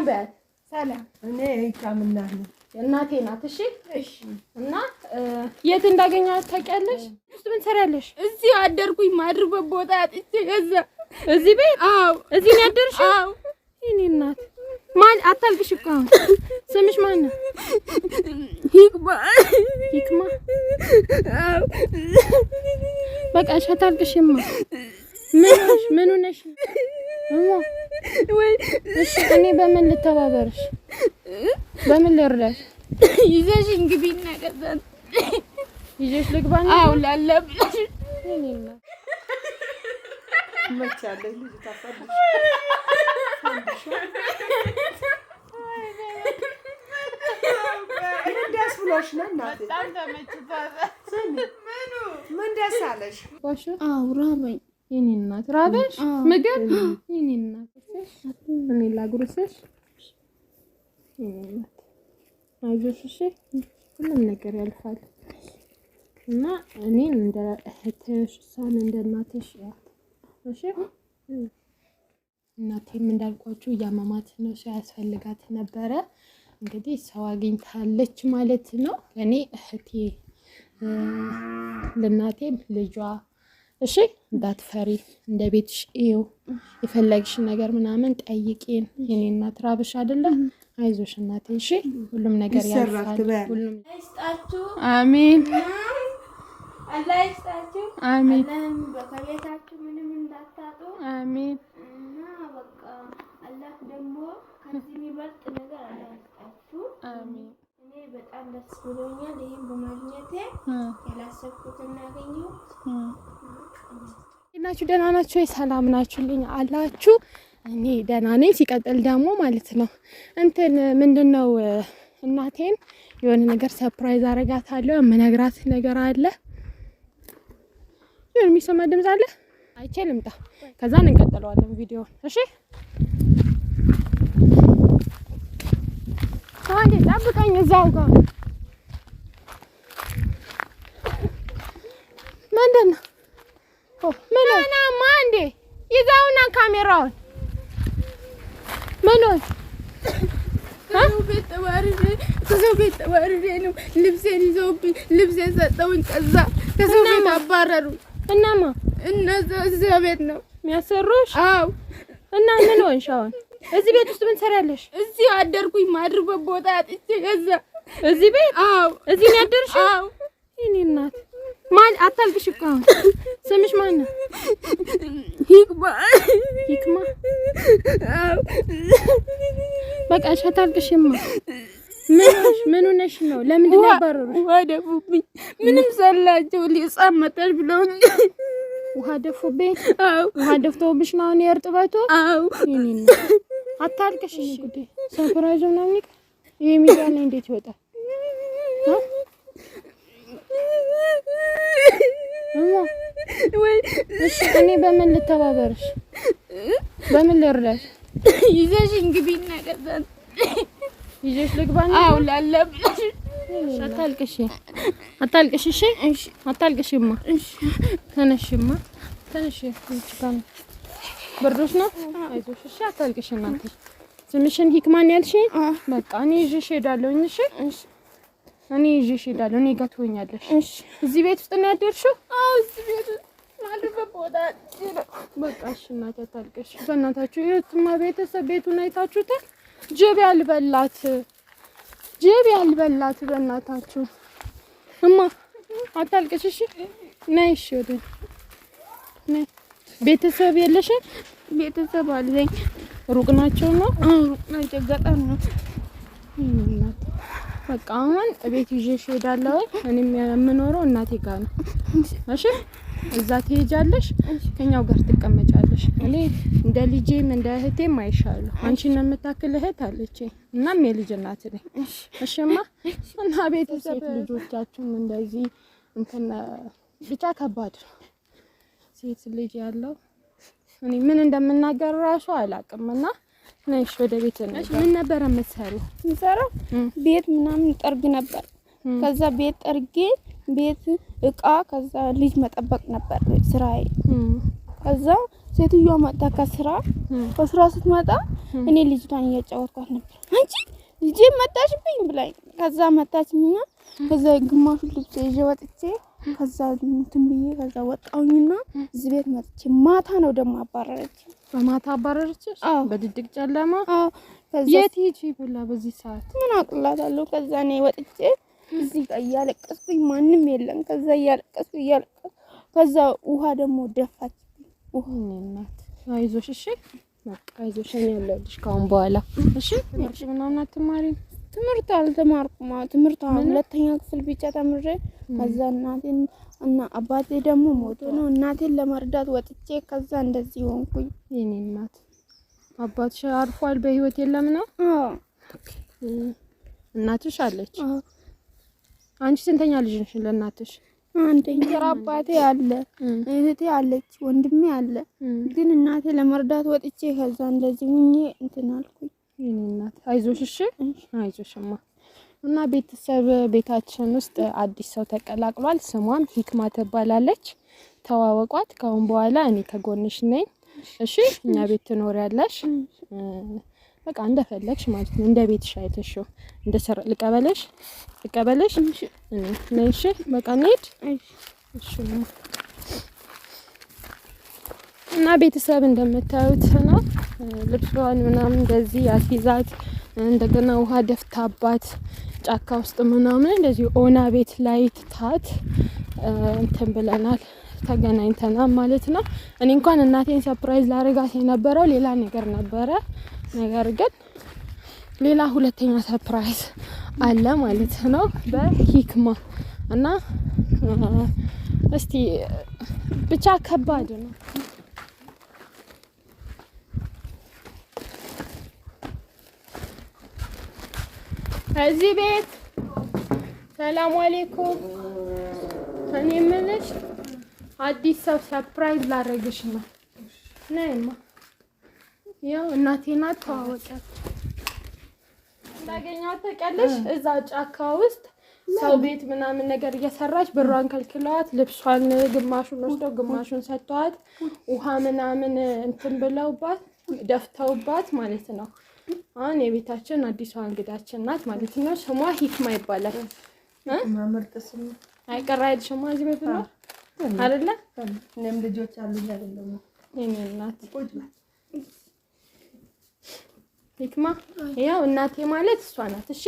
ሰላም በያት። ሰላም እኔ ሂካም እናት ነኝ። እናቴ ናት። እሺ እሺ። እና የት እንዳገኘኋት ታውቂያለሽ? ውስጥ ምን ትሰሪያለሽ? እዚህ አደርኩኝ። ማድርበት ቦታ አጥቼ ከዛ እዚህ ቤት። አዎ እዚህ ነው ያደርሽው? አዎ። እኔ እናት ማን አታልቅሽ እኮ አሁን። ስምሽ ማን ነው? ሂክማ ሂክማ። አዎ በቃ አታልቅሽማ። ምን ምን ሆነሽ እኔ በምን ልተባበርሽ? በምን ልርዳሽ? ይዘሽ እንግቢ እናገዛት ይዘሽ ልግባ ላለብሽ ምን ደስ አለሽ? አዎ የኔ እናት ራበሽ? ምግብ የኔ እናት እኔ ላጉርስሽ። አይዞሽ እሺ፣ ሁሉም ነገር ያልፋል እና እኔን እንደ እህትሽ እሷን እንደ እናትሽ እሺ። እናቴም እንዳልኳችሁ እያመማት ነው፣ ሰው ያስፈልጋት ነበረ። እንግዲህ ሰው አግኝታለች ማለት ነው። እኔ እህቴ ለእናቴም ልጇ እሺ እንዳትፈሪ፣ እንደ ቤትሽ ይው የፈለግሽ ነገር ምናምን ጠይቂን። የኔ እናት ራብሽ አይደለም፣ አይዞሽ እናቴ። እሺ ሁሉም ነገር ያልፋል። ሁሉም አሜን፣ አሜን። በጣም ደስ ብሎኛል። ይህም በማግኘቴ ያላሰብኩትን ያገኘሁት ናችሁ። ደህና ናችሁ? ሰላም ናችሁልኝ አላችሁ? እኔ ደህና ነኝ። ሲቀጥል ደግሞ ማለት ነው እንትን ምንድን ነው እናቴን የሆነ ነገር ሰርፕራይዝ አረጋታለሁ። የምነግራት ነገር አለ። የሚሰማ ድምፅ አለ። አይቼ ልምጣ፣ ከዛ እንቀጥለዋለን ቪዲዮን። እሺ ከወንዴ ጠብቀኝ እዛው ጋር ምንድን ነው ምናማ እንዴ ይዛውና ካሜራውን ምኑን ከሰው ቤት ተባርሬ ነው ልብሴን ይዘውብኝ ልብሴን ሰጠውኝ ከዛ ከሰው ቤት አባረሩ እናማ እነዛ እዚያ ቤት ነው የሚያሰሩሽ አዎ እና ምን ሆንሽ አሁን እዚህ ቤት ውስጥ ምን ሰራለሽ? እዚህ አደርኩኝ። ማድርበት ቦታ አጥቼ ከዛ እዚህ ቤት አዎ፣ እዚህ ነው ያደርሽው? አዎ። የእኔ እናት ማን አታልቅሽ እኮ አሁን። ስምሽ ማን ነው? ሂክማ። ሂክማ? አዎ። በቃ እሺ፣ አታልቅሽማ። ምን ሆነሽ ነው? ለምንድን ነው ያባረሩሽ? ውሃ ደፉብኝ። ምንም ሰላቸው ሊጻም መጣሽ ብለውኝ ውሃ ደፉብኝ። አዎ። ውሃ ደፍተውብሽ ነው አሁን የእርጥበቱ? አዎ። የእኔ እናት አታልቅሽ። እሺ ጉዴ፣ ሰርፕራይዙ ምናምን ይቀር። ይሄ ሚዲያ ላይ እንዴት ይወጣል? እሺ እኔ በምን ልተባበርሽ? በምን ልርዳሽ? ይዘሽ እንግቢ እናገዛን ይዘሽ ልግባና አው ላለም አታልቅሽ፣ አታልቅሽ። እሺ እሺ፣ አታልቅሽማ። እሺ ተነሽማ፣ ተነሽ ብርዱስ ነው። አይዞሽ፣ እሺ አታልቅሽ። እናንተ ስምሽን ሂክማን ያልሽ? በቃ እኔ ይዤሽ እሄዳለሁ። እሺ እኔ ይዤሽ እሄዳለሁ። እኔ ጋር ትሆኛለሽ። እሺ እዚህ ቤት ውስጥ ነው ያደርሽው? አዎ እዚህ ቤት ውስጥ በቃ እሺ፣ እናቴ አታልቅሽ። በእናታችሁ የትማ ቤተሰብ ቤቱን አይታችሁታል? ጅብ ያልበላት ጅብ ያልበላት። በእናታችሁ እማ አታልቅሽ። እሺ ነይ፣ እሺ ወደ ነይ ቤተሰብ የለሽ? ቤተሰብ አለኝ። ሩቅ ናቸው ነው? ሩቅ ናቸው፣ ገጠር ነው። በቃ አሁን ቤት ይዤሽ እሄዳለሁ። እኔም የምኖረው እናቴ ጋር ነው። እሺ፣ እዛ ትሄጃለሽ፣ ከኛው ጋር ትቀመጫለሽ። እኔ እንደ ልጄም እንደ እህቴም አይሻለሁ። አንቺን የምታክል እህት አለችኝ፣ እናም የልጅ እናት ነኝ። እሺማ። እና ቤተሰብ ልጆቻችሁም እንደዚህ እንትን ብቻ ከባድ ነው። ሴት ልጅ ያለው እኔ ምን እንደምናገር እራሱ አላውቅም። እና ነሽ ወደ ቤት ነሽ። ምን ነበር የምትሰሪው? የምሰራው ቤት ምናምን ጠርግ ነበር። ከዛ ቤት ጠርጌ ቤት እቃ፣ ከዛ ልጅ መጠበቅ ነበር ስራዬ። ከዛ ሴትዮዋ መጣ ከስራ ከስራ ስትመጣ እኔ ልጅቷን እያጫወትኳት ነበር። አንቺ ልጄ መጣሽብኝ ብላኝ፣ ከዛ መጣችኝና ከዛ ግማሹ ልብስ ይዤ ወጥቼ ከዛ እንትን ብዬ ከዛ ወጣውኝና እዚህ ቤት መጥቼ ማታ ነው ደግሞ አባረረች። በማታ አባረረችሽ? በድድቅ ጨለማ የት ሂጂ ብላ በዚህ ሰዓት ምን አቅላታለሁ። ከዛ እኔ ወጥቼ እዚህ ጋር እያለቀስኩኝ ማንም የለም። ከዛ እያለቀስኩ እያለቀስኩ ከዛ ውሃ ደግሞ ደፋች። ውሃ እናት አይዞሽ፣ እሺ በቃ አይዞሽ፣ እኔ አለሁልሽ ከአሁን በኋላ እሺ ምናምን አትማሪም ትምህርት አልተማርኩም። ትምህርት ሁለተኛ ክፍል ብቻ ተምሬ ከዛ እናቴን እና አባቴ ደግሞ ሞቶ ነው። እናቴን ለመርዳት ወጥቼ ከዛ እንደዚህ ሆንኩኝ። የኔ እናት አባትሽ አርፏል፣ በህይወት የለም ነው? እናትሽ አለች? አንቺ ስንተኛ ልጅ ነሽ ለእናትሽ? አንደኛ አባቴ አለ፣ እህቴ አለች፣ ወንድሜ አለ። ግን እናቴ ለመርዳት ወጥቼ ከዛ እንደዚህ ሁኜ እንትን አልኩኝ። የእኔ እናት አይዞሽ፣ እሺ አይዞሽማ። እና ቤተሰብ ቤታችን ውስጥ አዲስ ሰው ተቀላቅሏል። ስሟም ሂክማ ትባላለች። ተዋወቋት። ከአሁን በኋላ እኔ ከጎንሽ ነኝ። እሺ እኛ ቤት ትኖሪያለሽ። በቃ እንደፈለግሽ ማለት ነው። እንደ ቤትሽ አይተሽው እንደ ሰር ልቀበለሽ ልቀበለሽ። እሺ በቃ እንሂድ። እሺ እና ቤተሰብ እንደምታዩት ነው። ልብሷን ምናምን እንደዚህ ያስይዛት እንደገና ውሃ ደፍታባት ጫካ ውስጥ ምናምን እንደዚህ ኦና ቤት ላይ ትታት እንትን ብለናል ተገናኝተናል ማለት ነው። እኔ እንኳን እናቴን ሰርፕራይዝ ላደርጋት የነበረው ሌላ ነገር ነበረ። ነገር ግን ሌላ ሁለተኛ ሰርፕራይዝ አለ ማለት ነው በሂክማ እና እስቲ ብቻ ከባድ ነው። እዚህ ቤት ሰላም አለይኩም። እኔ የምልሽ አዲስ ሰው ሰርፕራይዝ ላደርግሽ ነው። ነይማ፣ ያው እናቴ ናት። ተዋወቂያት እንዳገኘኋት ታውቂያለሽ። እዛ ጫካ ውስጥ ሰው ቤት ምናምን ነገር እየሰራች ብሯን ከልክለዋት ልብሷን ግማሹን ወስደው ግማሹን ሰጥተዋት ውሃ ምናምን እንትን ብለውባት ደፍተውባት ማለት ነው። አሁን የቤታችን አዲሷ እንግዳችን ናት ማለት ነው። ስሟ ሂክማ ይባላል። አይቀራ አይልሽማ እዚህ ቤት ነው አይደለ? እኔም ልጆች አሉ አይደለም። እኔ እናት ሂክማ፣ ያው እናቴ ማለት እሷ ናት። እሺ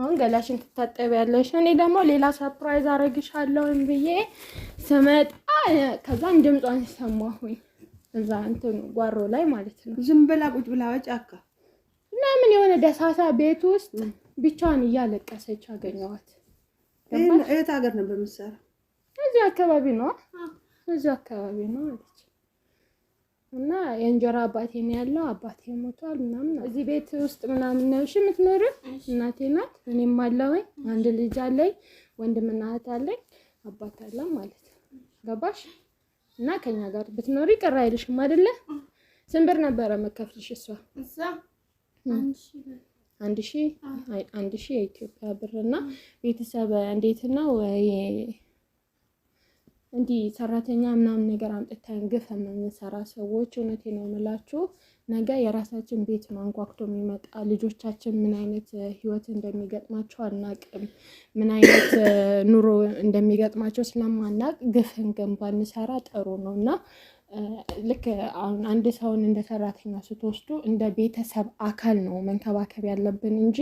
አሁን ገላሽን ትታጠቢያለሽ። እኔ ደግሞ ሌላ ሰርፕራይዝ አረግሻለሁ ብዬ ስመጣ ከዛም ድምጿን ሰማሁኝ። እዛ እንትን ጓሮ ላይ ማለት ነው። ዝም ብላ ቁጭ ብላ ጫካ ምናምን የሆነ ደሳሳ ቤት ውስጥ ብቻዋን እያለቀሰች አገኘዋት። እህት ሀገር ነበር የምትሰራው። እዚህ አካባቢ ነው፣ እዚህ አካባቢ ነው አለች እና የእንጀራ አባቴ ነው ያለው፣ አባቴ ሞቷል ምናምን እዚህ ቤት ውስጥ ምናምን ነው እሺ የምትኖሪው። እናቴ ናት፣ እኔም አለሁኝ፣ አንድ ልጅ አለኝ፣ ወንድምና እህት አለኝ፣ አባት አለ ማለት ነው። ገባሽ? እና ከኛ ጋር ብትኖሪ ቅር አይልሽም አይደለ? ስንት ብር ነበረ መከፍልሽ? እሷ አንድ ሺህ የኢትዮጵያ ብር እና ቤተሰብ እንዴት ነው? እንዲህ ሰራተኛ ምናምን ነገር አምጥተን ግፍ የምንሰራ ሰዎች እውነቴ ነው የምላችሁ፣ ነገ የራሳችን ቤት ማንኳኩቶ የሚመጣ ልጆቻችን ምን አይነት ህይወት እንደሚገጥማቸው አናቅም። ምን አይነት ኑሮ እንደሚገጥማቸው ስለማናቅ ግፍን ግን ባንሰራ ጥሩ ነው እና ልክ አሁን አንድ ሰውን እንደ ሰራተኛ ስትወስዱ እንደ ቤተሰብ አካል ነው መንከባከብ ያለብን እንጂ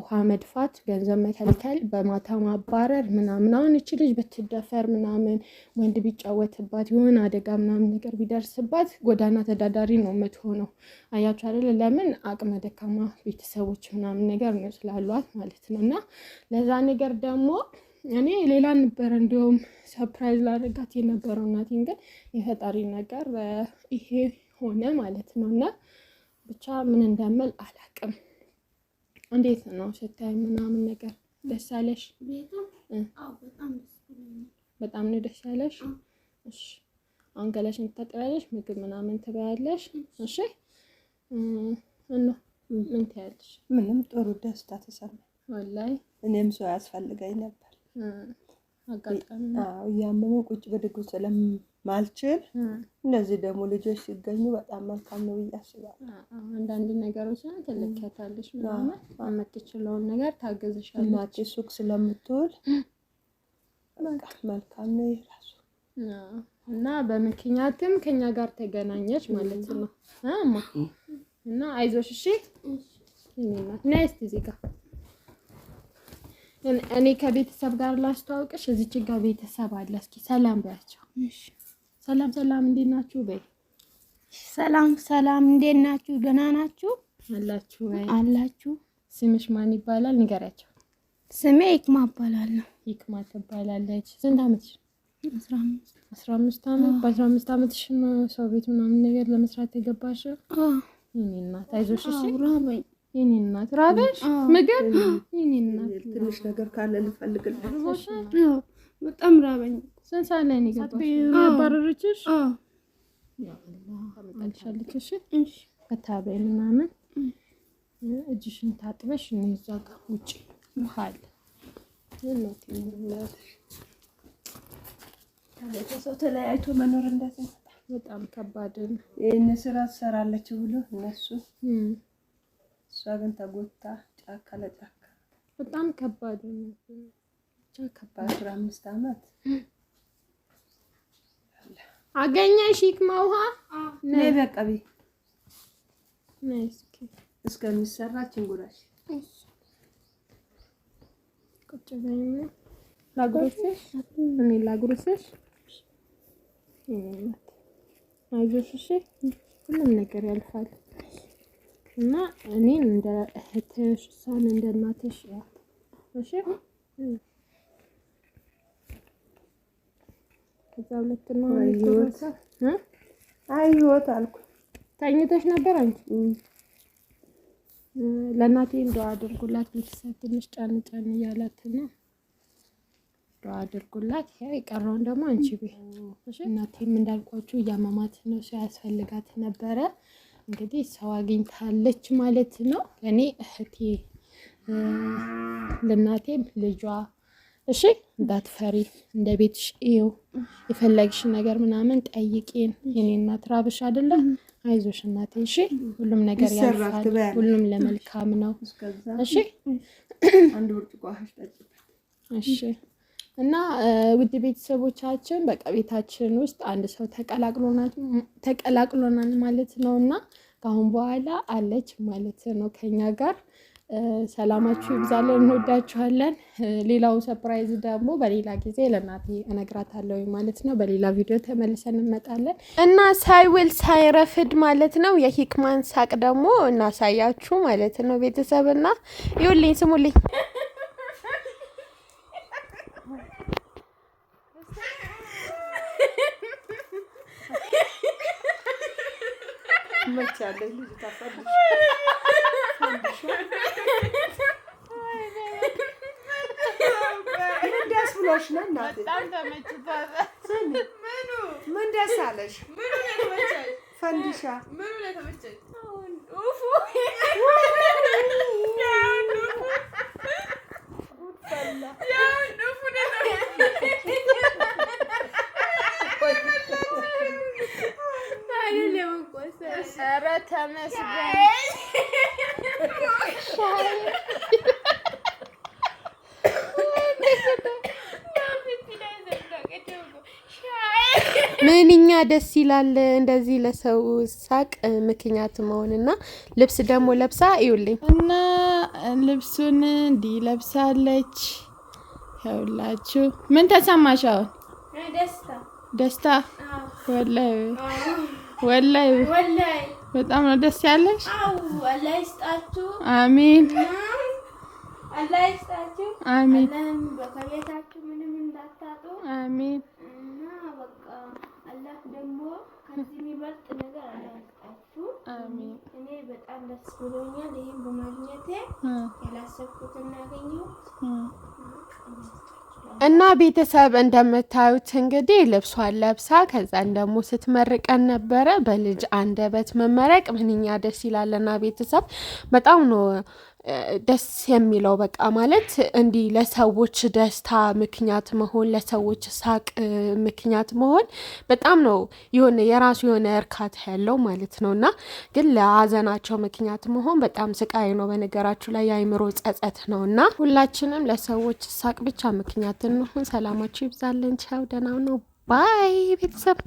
ውሃ መድፋት፣ ገንዘብ መተልተል፣ በማታ ማባረር ምናምን አሁን እች ልጅ ብትደፈር ምናምን ወንድ ቢጫወትባት የሆነ አደጋ ምናምን ነገር ቢደርስባት ጎዳና ተዳዳሪ ነው የምትሆነው። አያችሁ አይደለ? ለምን አቅመ ደካማ ቤተሰቦች ምናምን ነገር ነው ስላሏት ማለት ነው። እና ለዛ ነገር ደግሞ እኔ ሌላ ነበረ እንዲሁም ሰርፕራይዝ ላደርጋት የነበረው እናቴን ግን የፈጣሪ ነገር ይሄ ሆነ ማለት ነው። እና ብቻ ምን እንደምል አላቅም። እንዴት ነው ስታይ ምናምን ነገር ደስ አለሽ? በጣም ነው ደስ ያለሽ። እሺ አሁን ገላሽን ትታጠቢያለሽ፣ ምግብ ምናምን ትበያለሽ። እሺ እና ምን ትያለሽ? ምንም ጥሩ ደስታ ተሰማኝ። ወላሂ እኔም ሰው ያስፈልገኝ ነበር እያመመኝ ቁጭ ብድግ ስለማልችል እነዚህ ደግሞ ልጆች ሲገኙ በጣም መልካም ነው ብዬ አስባለሁ። አንዳንድ ነገሮች ላይ ትልኪያታለሽ ምናምን የምትችለውን ነገር ታገዝሻለች። እናቴ ሱቅ ስለምትውል መልካም ነው የራሱ እና በምክንያትም ከኛ ጋር ተገናኘች ማለት ነው እና አይዞሽ እሺ ና እስቲ እዚህ ጋር እኔ ከቤተሰብ ጋር ላስተዋውቅሽ። እዚች ጋር ቤተሰብ አለ። እስኪ ሰላም በያቸው። ሰላም ሰላም፣ እንዴት ናችሁ በይ። ሰላም ሰላም፣ እንዴት ናችሁ? ደህና ናችሁ አላችሁ ወይ? አላችሁ። ስምሽ ማን ይባላል? ንገሪያቸው። ስሜ ሂክማ ነው። ሂክማ ትባላለች። ስንት አመትሽ? አስራ አምስት አመት። በአስራ አምስት አመትሽ ሰው ቤት ምናምን ነገር ለመስራት የገባሽ? እናት አይዞሽ እሺ የኔ እናት ራበሽ? ምግብ የኔ እናት ትንሽ ነገር ካለ ልፈልግልሽ። በጣም ራበኝ። ስንት ሰዓት ላይ ነው ያባረረችሽ? ታመጣልሻለች። እሺ ከታበይ ምናምን እጅሽን ታጥበሽ እዛ ጋ ውጭ ውሃ አለ። ሰው ተለያይቶ መኖር እንደት በጣም ከባድ ነው። ይህን ስራ ትሰራለች ብሎ እነሱ ግን ተጎታ ጫካ ለጫካ በጣም ከባድ ነው። አስራ አምስት አመት አገኘሽ ሂክማ ውሃ ነይ በቃ ቤት እስከሚሰራ ችንጉራሽ ቁጭ በይና ላጉረስሽ፣ እኔ ላጉረስሽ። አይዞሽ፣ ሁሉም ነገር ያልፋል። እና እኔን እንደ እህትሽ እሷን እንደ እናትሽ ያት። እሺ ከዛ ሁለት ነው አልኩ። ተኝተሽ ነበር አንቺ? ለእናቴ እንደው አድርጉላት፣ ቤተሰብ ትንሽ ጫን ጫን እያላት ነው። አድርጉላት፣ ያው የቀረውን ደግሞ አንቺ ቤት። እናቴም እንዳልኳችሁ እያመማት ነው፣ ሰው ያስፈልጋት ነበረ እንግዲህ ሰው አግኝታለች ማለት ነው። እኔ እህቴ ለእናቴም ልጇ እሺ፣ እንዳትፈሪ እንደ ቤትሽ እዩ የፈለግሽ ነገር ምናምን ጠይቄን የኔ እናት ራብሽ አይደለም። አይዞሽ እናቴ እሺ፣ ሁሉም ነገር ያልፋል። ሁሉም ለመልካም ነው። እሺ፣ አንድ ብርጭቆ እሺ እና ውድ ቤተሰቦቻችን በቃ ቤታችን ውስጥ አንድ ሰው ተቀላቅሎናል ማለት ነው። እና ከአሁን በኋላ አለች ማለት ነው ከኛ ጋር። ሰላማችሁ ይብዛለን፣ እንወዳችኋለን። ሌላው ሰፕራይዝ ደግሞ በሌላ ጊዜ ለእናቴ እነግራታለሁ ማለት ነው። በሌላ ቪዲዮ ተመልሰን እንመጣለን እና ሳይውል ሳይረፍድ ማለት ነው። የሂክማን ሳቅ ደግሞ እናሳያችሁ ማለት ነው ቤተሰብና ይሁልኝ፣ ስሙልኝ ትመች ያለች ልጅ ታሳድሽ ምን ደስ ብሎሽ ነው እናቴ? ምን ደስ አለሽ? ፈንዲሻ I'm not ምንኛ ደስ ይላል እንደዚህ ለሰው ሳቅ ምክንያት መሆንና ልብስ ደግሞ ለብሳ ይውልኝ እና ልብሱን እንዲህ ለብሳለች። ይኸውላችሁ ምን ተሰማሽ አሁን? ደስታ ደስታ ወላይ ወላይ በጣም ነው ደስ ያለሽ። አሜን አሜን። ምንም እንዳታጡ አሜን። እና በቃ አላህ ደግሞ ከዚህ የሚበልጥ ነገር አላጣችሁ። አሜን። እኔ በጣም ደስ ብሎኛል ይሄን በማግኘቴ ያላሰብኩት እናገኘው እና ቤተሰብ እንደምታዩት እንግዲህ ልብሷን ለብሳ ከዛን ደግሞ ስትመርቀን ነበረ። በልጅ አንደበት መመረቅ ምንኛ ደስ ይላልና ቤተሰብ በጣም ነው ደስ የሚለው በቃ ማለት እንዲህ ለሰዎች ደስታ ምክንያት መሆን ለሰዎች ሳቅ ምክንያት መሆን በጣም ነው የሆነ የራሱ የሆነ እርካታ ያለው ማለት ነው። እና ግን ለሀዘናቸው ምክንያት መሆን በጣም ስቃይ ነው። በነገራችሁ ላይ የአይምሮ ጸጸት ነው። እና ሁላችንም ለሰዎች ሳቅ ብቻ ምክንያት እንሆን። ሰላማችሁ ይብዛለን። ቻው፣ ደህና ነው። ባይ ቤተሰብ